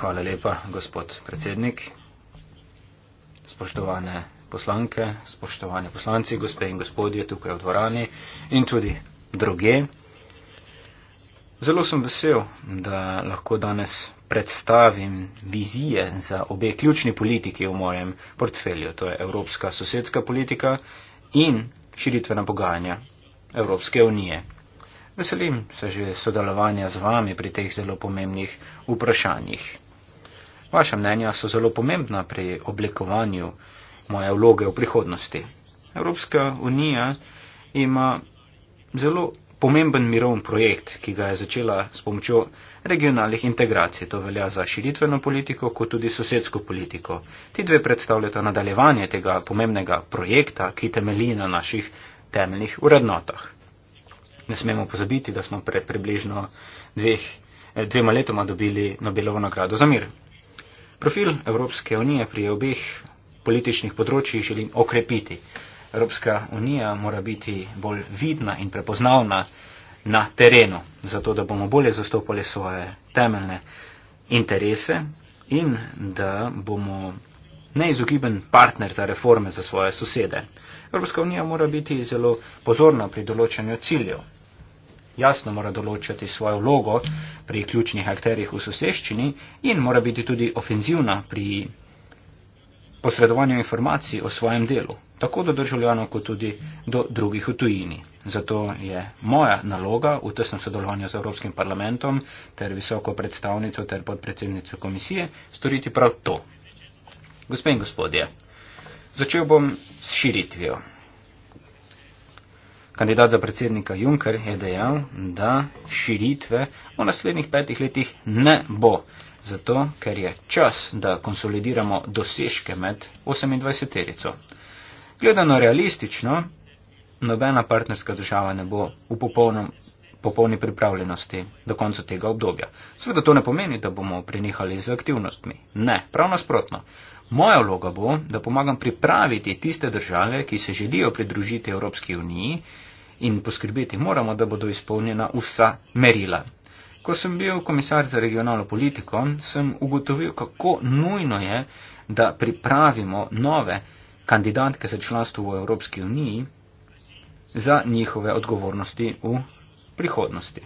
Hvala lepa, gospod predsednik, spoštovane poslanke, spoštovane poslanci, gospe in gospodje tukaj v dvorani in tudi druge. Zelo sem vesel, da lahko danes predstavim vizije za obe ključni politiki v mojem portfelju, to je evropska sosedska politika in širitvena pogajanja Evropske unije. Veselim se že sodelovanja z vami pri teh zelo pomembnih vprašanjih. Vaša mnenja so zelo pomembna pri oblikovanju moje vloge v prihodnosti. Evropska unija ima zelo pomemben mirovn projekt, ki ga je začela s pomočjo regionalnih integracij. To velja za širitveno politiko, kot tudi sosedsko politiko. Ti dve predstavljata nadaljevanje tega pomembnega projekta, ki temelji na naših temeljnih urednotah. Ne smemo pozabiti, da smo pred približno dveh, eh, dvema letoma dobili Nobelovo nagrado za mir. Profil Evropske unije pri obeh političnih področjih želim okrepiti. Evropska unija mora biti bolj vidna in prepoznavna na terenu, zato da bomo bolje zastopali svoje temeljne interese in da bomo neizogiben partner za reforme za svoje sosede. Evropska unija mora biti zelo pozorna pri določanju ciljev jasno mora določati svojo vlogo pri ključnih akterjih v soseščini in mora biti tudi ofenzivna pri posredovanju informacij o svojem delu, tako do državljanov, kot tudi do drugih v tujini. Zato je moja naloga v tesnem sodelovanju z Evropskim parlamentom ter visoko predstavnico ter podpredsednico komisije storiti prav to. Gospe in gospodje, začel bom s širitvijo. Kandidat za predsednika Juncker je dejal, da širitve v naslednjih petih letih ne bo. Zato, ker je čas, da konsolidiramo dosežke med 28-terico. Gledano realistično, nobena partnerska država ne bo v popolnom, popolni pripravljenosti do konca tega obdobja. Sveda to ne pomeni, da bomo prenehali z aktivnostmi. Ne, prav nasprotno. Moja vloga bo, da pomagam pripraviti tiste države, ki se želijo pridružiti Evropski uniji, in poskrbeti moramo, da bodo izpolnjena vsa merila. Ko sem bil komisar za regionalno politiko, sem ugotovil, kako nujno je, da pripravimo nove kandidatke za članstvo v Evropski uniji za njihove odgovornosti v prihodnosti.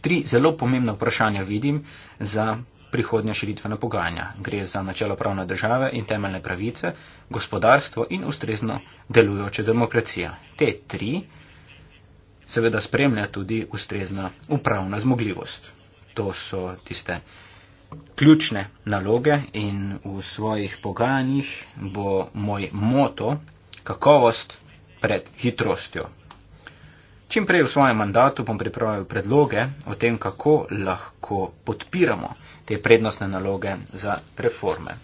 Tri zelo pomembna vprašanja vidim za prihodnja širitvena pogajanja. Gre za načelo pravne države in temeljne pravice, gospodarstvo in ustrezno delujoče demokracija. Te tri seveda spremlja tudi ustrezna upravna zmogljivost. To so tiste ključne naloge in v svojih pogajanjih bo moj moto kakovost pred hitrostjo. Čim prej v svojem mandatu bom pripravil predloge o tem, kako lahko podpiramo te prednostne naloge za reforme.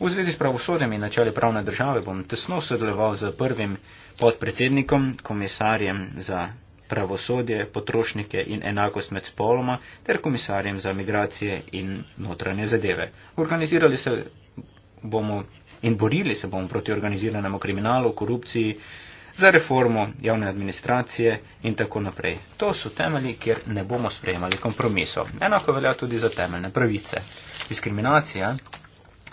V zvezi s pravosodjem in načeli pravne države bom tesno sodeloval z prvim podpredsednikom, komisarjem za pravosodje, potrošnike in enakost med spoloma ter komisarjem za migracije in notranje zadeve. Organizirali se bomo in borili se bomo proti organiziranemu kriminalu, korupciji, za reformo javne administracije in tako naprej. To so temelji, kjer ne bomo sprejemali kompromisov. Enako velja tudi za temeljne pravice. Diskriminacija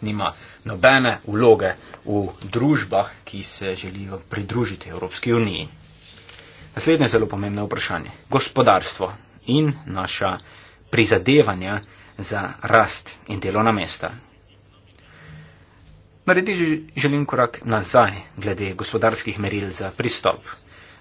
nima nobene uloge v družbah, ki se želijo pridružiti Evropski uniji. Naslednje zelo pomembno vprašanje. Gospodarstvo in naša prizadevanja za rast in delovna mesta. Narediti želim korak nazaj glede gospodarskih meril za pristop.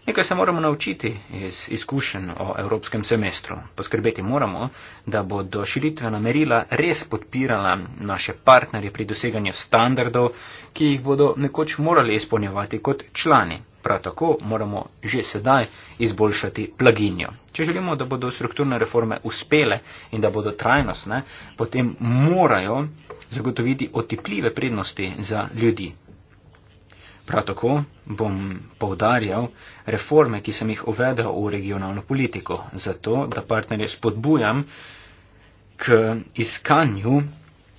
Nekaj se moramo naučiti iz izkušenj o evropskem semestru. Poskrbeti moramo, da bodo širitvena merila res podpirala naše partnerje pri doseganju standardov, ki jih bodo nekoč morali izpolnjevati kot člani. Prav tako moramo že sedaj izboljšati plaginjo. Če želimo, da bodo strukturne reforme uspele in da bodo trajnostne, potem morajo zagotoviti otipljive prednosti za ljudi. Prav tako bom povdarjal reforme, ki sem jih uvedel v regionalno politiko, zato da partnerje spodbujam k iskanju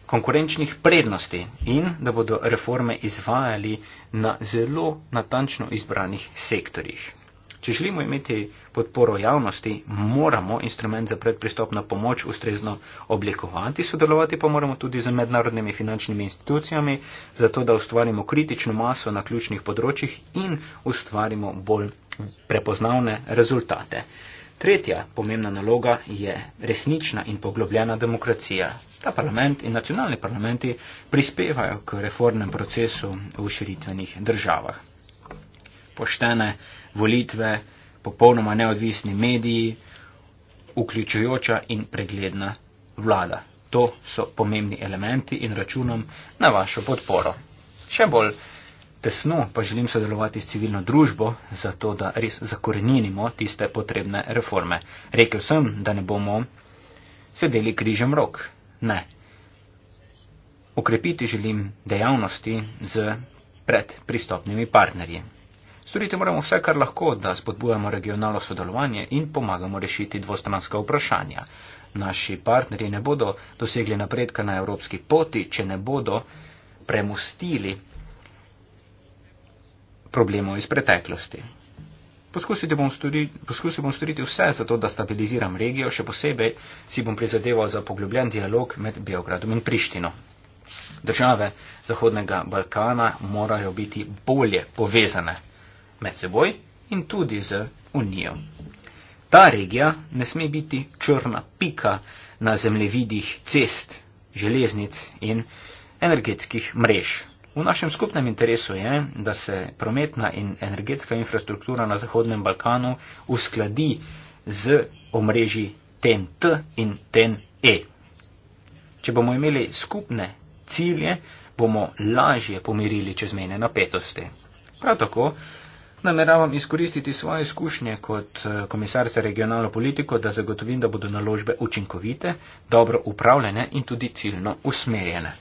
konkurenčnih prednosti in da bodo reforme izvajali na zelo natančno izbranih sektorjih. Če želimo imeti podporo javnosti, moramo instrument za predpristopno pomoč ustrezno oblikovati, sodelovati pa moramo tudi z mednarodnimi finančnimi institucijami, zato da ustvarimo kritično maso na ključnih področjih in ustvarimo bolj prepoznavne rezultate. Tretja pomembna naloga je resnična in poglobljena demokracija. Ta parlament in nacionalni parlamenti prispevajo k reformnem procesu v širitvenih državah. Poštene volitve, popolnoma neodvisni mediji, vključujoča in pregledna vlada. To so pomembni elementi in računam na vašo podporo. Še bolj tesno pa želim sodelovati s civilno družbo, zato da res zakorenimo tiste potrebne reforme. Rekel sem, da ne bomo sedeli križem rok. Ne. Okrepiti želim dejavnosti z predpristopnimi partnerji. Storiti moramo vse, kar lahko, da spodbujamo regionalno sodelovanje in pomagamo rešiti dvostranska vprašanja. Naši partnerji ne bodo dosegli napredka na evropski poti, če ne bodo premustili problemov iz preteklosti. Poskusil bom storiti vse za to, da stabiliziram regijo, še posebej si bom prizadeval za poglobljen dialog med Beogradom in Prištino. Države Zahodnega Balkana morajo biti bolje povezane med seboj in tudi z Unijo. Ta regija ne sme biti črna pika na zemljevidih cest, železnic in energetskih mrež, V našem skupnem interesu je, da se prometna in energetska infrastruktura na Zahodnem Balkanu uskladi z omrežji TNT in TNE. Če bomo imeli skupne cilje, bomo lažje pomirili čezmene napetosti. Prav tako nameravam izkoristiti svoje izkušnje kot eh, komisar za regionalno politiko, da zagotovim, da bodo naložbe učinkovite, dobro upravljene in tudi ciljno usmerjene.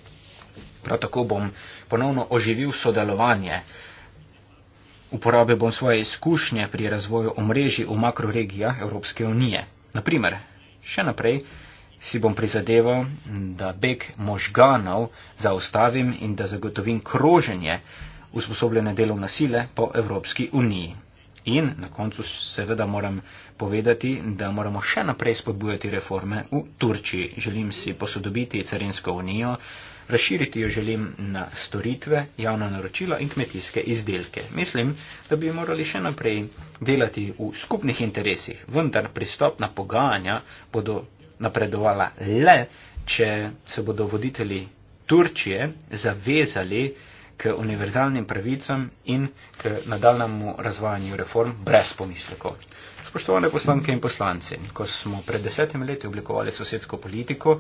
Prav tako bom ponovno oživil sodelovanje. Uporabil bom svoje izkušnje pri razvoju omrežij v makroregijah Evropske unije. Naprimer, še naprej si bom prizadeval, da beg možganov zaustavim in da zagotovim kroženje usposobljene delovne sile po Evropski uniji. In na koncu seveda moram povedati, da moramo še naprej spodbujati reforme v Turčiji. Želim si posodobiti carinsko unijo, razširiti jo želim na storitve, javna naročila in kmetijske izdelke. Mislim, da bi morali še naprej delati v skupnih interesih, vendar pristopna pogajanja bodo napredovala le, če se bodo voditelji Turčije zavezali, k univerzalnim pravicam in k nadaljnemu razvojanju reform brez pomislekov. Spoštovane poslanke in poslanci, ko smo pred desetimi leti oblikovali sosedsko politiko,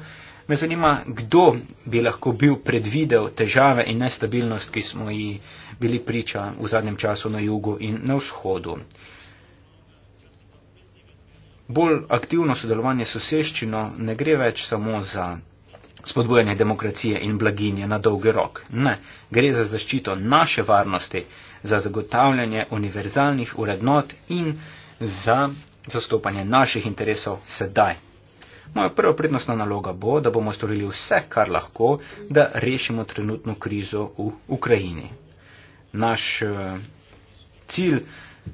me zanima, kdo bi lahko bil predvidel težave in nestabilnost, ki smo ji bili priča v zadnjem času na jugu in na vzhodu. Bolj aktivno sodelovanje s soseščino ne gre več samo za spodbujanje demokracije in blaginje na dolgi rok. Ne, gre za zaščito naše varnosti, za zagotavljanje univerzalnih urednot in za zastopanje naših interesov sedaj. Moja prva prednostna naloga bo, da bomo storili vse, kar lahko, da rešimo trenutno krizo v Ukrajini. Naš eh, cilj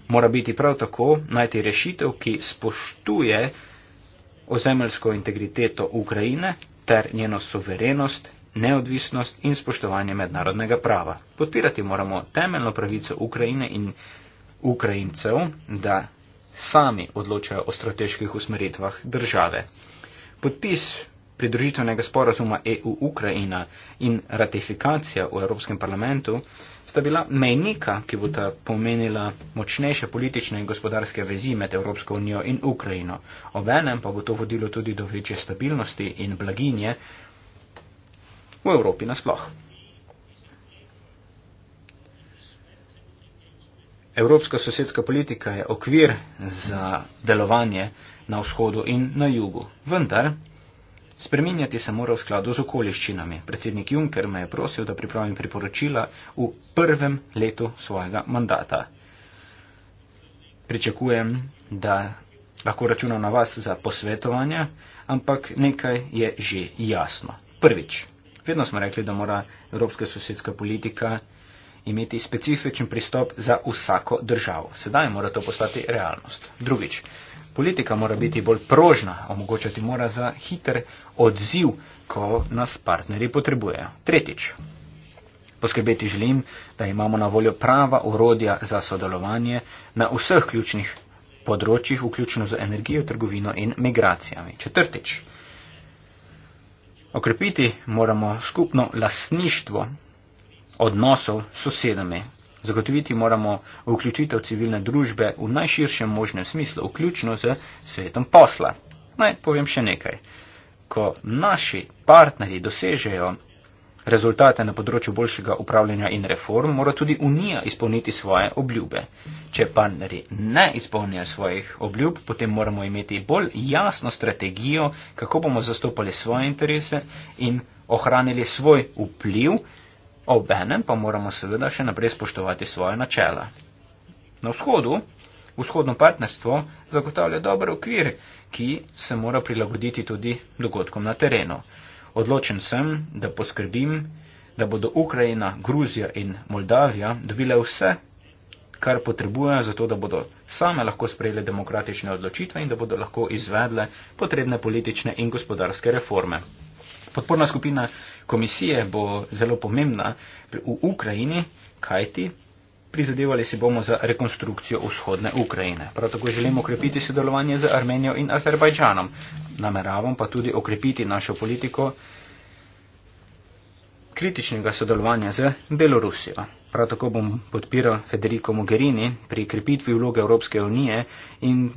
mora biti prav tako najti rešitev, ki spoštuje ozemeljsko integriteto Ukrajine ter njeno suverenost, neodvisnost in spoštovanje mednarodnega prava. Podpirati moramo temeljno pravico Ukrajine in Ukrajincev, da sami odločajo o strateških usmeritvah države. Podpis pridružitvenega sporazuma EU-Ukrajina in ratifikacija v Evropskem parlamentu sta bila mejnika, ki bo ta pomenila močnejše politične in gospodarske vezi med Evropsko unijo in Ukrajino. Obenem pa bo to vodilo tudi do večje stabilnosti in blaginje v Evropi nasploh. Evropska sosedska politika je okvir za delovanje na vzhodu in na jugu. Vendar Spreminjati se mora v skladu z okoliščinami. Predsednik Juncker me je prosil, da pripravim priporočila v prvem letu svojega mandata. Pričakujem, da lahko računam na vas za posvetovanje, ampak nekaj je že jasno. Prvič, vedno smo rekli, da mora evropska sosedska politika imeti specifičen pristop za vsako državo. Sedaj mora to postati realnost. Drugič, politika mora biti bolj prožna, omogočati mora za hiter odziv, ko nas partnerji potrebujejo. Tretjič. Poskrbeti želim, da imamo na voljo prava urodja za sodelovanje na vseh ključnih področjih, vključno z energijo, trgovino in migracijami. Četrtič. Okrepiti moramo skupno lasništvo odnosov s sosedami, Zagotoviti moramo vključitev civilne družbe v najširšem možnem smislu, vključno z svetom posla. Naj povem še nekaj. Ko naši partnerji dosežejo rezultate na področju boljšega upravljanja in reform, mora tudi Unija izpolniti svoje obljube. Če partnerji ne izpolnijo svojih obljub, potem moramo imeti bolj jasno strategijo, kako bomo zastopali svoje interese in ohranili svoj vpliv obenem pa moramo seveda še naprej spoštovati svoje načela. Na vzhodu vzhodno partnerstvo zagotavlja dober okvir, ki se mora prilagoditi tudi dogodkom na terenu. Odločen sem, da poskrbim, da bodo Ukrajina, Gruzija in Moldavija dobile vse, kar potrebujejo za to, da bodo same lahko sprejele demokratične odločitve in da bodo lahko izvedle potrebne politične in gospodarske reforme podporna skupina komisije bo zelo pomembna v Ukrajini, kajti prizadevali si bomo za rekonstrukcijo vzhodne Ukrajine. Prav tako želimo okrepiti sodelovanje z Armenijo in Azerbajdžanom. Nameravam pa tudi okrepiti našo politiko kritičnega sodelovanja z Belorusijo. Prav tako bom podpiral Federico Mogherini pri krepitvi vloge Evropske unije in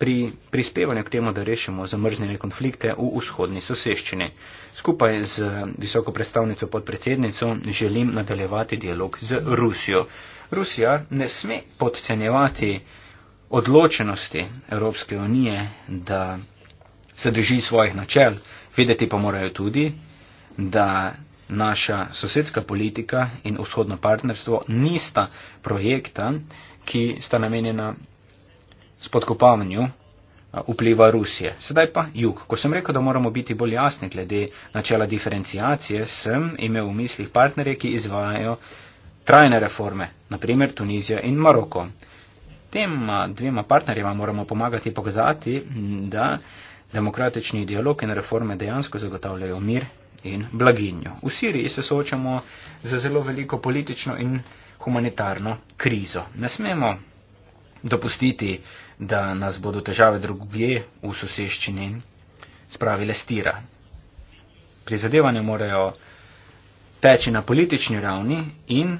pri prispevanju k temu, da rešimo zamrznjene konflikte v vzhodni soseščini. Skupaj z visoko predstavnico podpredsednico želim nadaljevati dialog z Rusijo. Rusija ne sme podcenjevati odločenosti Evropske unije, da se drži svojih načel. Videti pa morajo tudi, da naša sosedska politika in vzhodno partnerstvo nista projekta, ki sta namenjena spodkopavanju vpliva Rusije. Sedaj pa jug. Ko sem rekel, da moramo biti bolj jasni glede načela diferencijacije, sem imel v mislih partnerje, ki izvajajo trajne reforme, naprimer Tunizija in Maroko. Tem dvema partnerjema moramo pomagati pokazati, da demokratični dialog in reforme dejansko zagotavljajo mir in blaginjo. V Siriji se soočamo z zelo veliko politično in humanitarno krizo. Ne smemo dopustiti da nas bodo težave drugje v soseščini spravile stira. Prizadevanja morajo teči na politični ravni in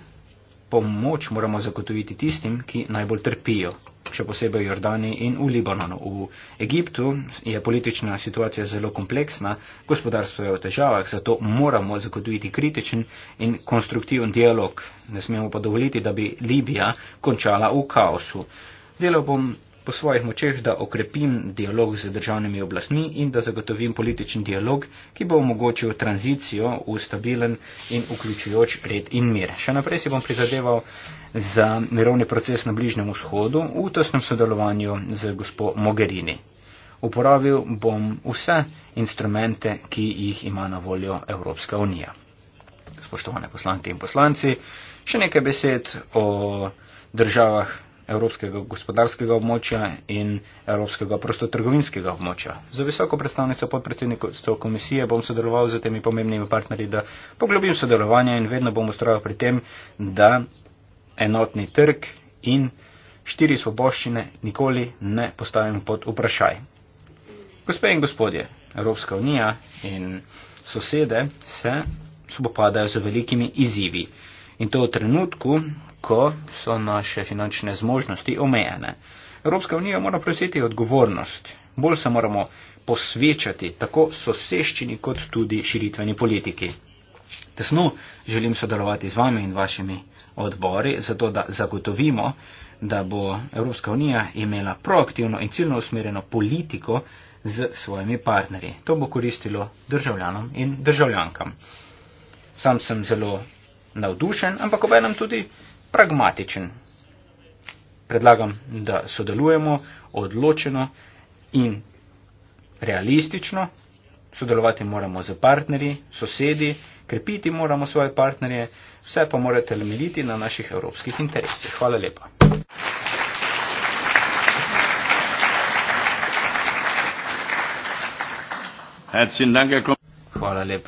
pomoč moramo zagotoviti tistim, ki najbolj trpijo, še posebej v Jordani in v Libanonu. V Egiptu je politična situacija zelo kompleksna, gospodarstvo je v težavah, zato moramo zagotoviti kritičen in konstruktiven dialog. Ne smemo pa dovoliti, da bi Libija končala v kaosu. Delal bom po svojih močeh, da okrepim dialog z državnimi oblastmi in da zagotovim političen dialog, ki bo omogočil tranzicijo v stabilen in vključujoč red in mir. Še naprej si bom prizadeval za mirovni proces na Bližnjem vzhodu v tesnem sodelovanju z gospo Mogherini. Uporabil bom vse instrumente, ki jih ima na voljo Evropska unija. Spoštovane poslanke in poslanci, še nekaj besed o državah Evropskega gospodarskega območja in Evropskega prostotrgovinskega območja. Za visoko predstavnico podpredsednikov komisije bom sodeloval z temi pomembnimi partnerji, da poglobim sodelovanje in vedno bom ustrajal pri tem, da enotni trg in štiri svoboščine nikoli ne postavim pod vprašaj. Gospe in gospodje, Evropska unija in sosede se spopadajo z velikimi izzivi. In to v trenutku, ko so naše finančne zmožnosti omejene. Evropska unija mora prevzeti odgovornost. Bolj se moramo posvečati tako soseščini kot tudi širitveni politiki. Tesno želim sodelovati z vami in vašimi odbori, zato da zagotovimo, da bo Evropska unija imela proaktivno in ciljno usmerjeno politiko z svojimi partnerji. To bo koristilo državljanom in državljankam. Sam sem zelo navdušen, ampak obenem tudi pragmatičen. Predlagam, da sodelujemo odločeno in realistično. Sodelovati moramo z partnerji, sosedi, krepiti moramo svoje partnerje, vse pa morate lemeliti na naših evropskih interesih. Hvala lepa. Hvala lepa.